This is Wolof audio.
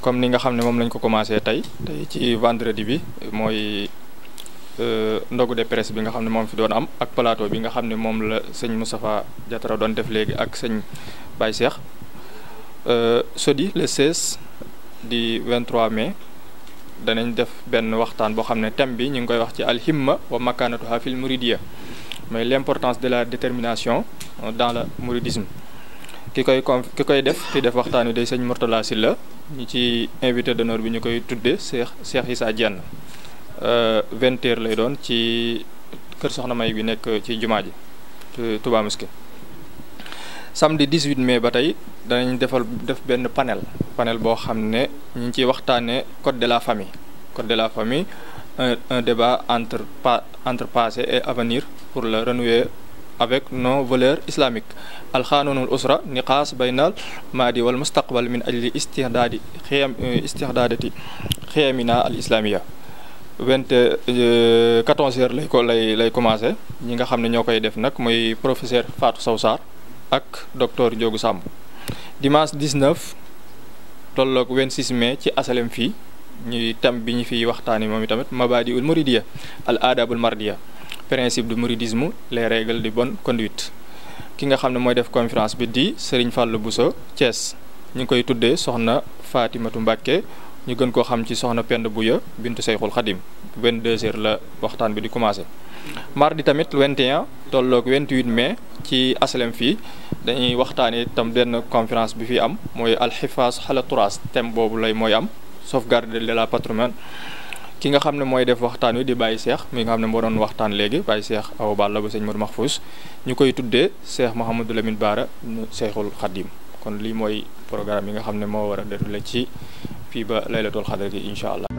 comme ni nga xam mom lañ ko commencé tay tay ci vendredi bi euh ndogu de presse bi nga xam mom fi doon am ak plateau bi nga xam mom la sëñ Moustapha Diatara doon def léegi ak sëñ Baye Cheikh euh, sodi le 16 di 23 mai danañ def ben waxtaan bo xam thème bi ñu ngi koy wax ci himma wa makanatuha fil muridiyya mais l'importance de la détermination dans le mouridisme ki koy ki koy def ki def waxtaan de day sëñ Mourtala Sylla ñi ci invité d'honneur bi ñu koy tuddee Cheikh Cheikh Issa Diène euh, vingt heures lay doon ci kër Soxna May bi nekk ci jumaa ji Touba Mosquée samedi 18 mais ba tey danañ defal def benn panel panel boo xam ne ñu ngi ciy waxtaanee code de la famille code de la famille un, un débat entre pa entre passé et avenir pour la renouer avec nos valeurs islamiques القانون الأسرة نقاش بين الماضي والمستقبل من أجل استعداد خيام استعداد خيامنا الإسلامية 20 14 heures lay ko lay lay commencé ñi nga xam ne ñoo koy def nag mooy professeur Fatou Sow ak docteur Ndiogou Samb dimanche 19 tolloog 26 mai ci asalem fi ñi tam bi ñu fiy waxtaani moom mabadi ul muridiya al adab aadabul mardiya principe du mouridisme les règles de bonne conduite ki nga xam ne mooy def conférence bi di Serigne bu Bousso Thiès ñu ngi koy tuddee soxna faatimatu Mbàkke ñu gën koo xam ci soxna bu Bouya bintu Seyxul Xadim deux h la waxtaan bi di commencé mardi tamit 21 tolloog 28 mai ci aslem fii dañuy waxtaanee itam benn conférence bi fi am mooy alxifaas xala turaas thème boobu lay mooy am sauvegarde de la patrimoine ki nga xam ne mooy def waxtaan wi di bàyyi Cheikh mi nga xam ne moo doon waxtaan léegi Baye Cheikh Awa Balla bu sëñ Modou Mahfous ñu koy tuddee Cheikh Mouhamadou Lamine Bara Cheikhul Khadim kon lii mooy programme yi nga xam ne moo war a déroulé ci fii ba laylatul xadar gi incha allah.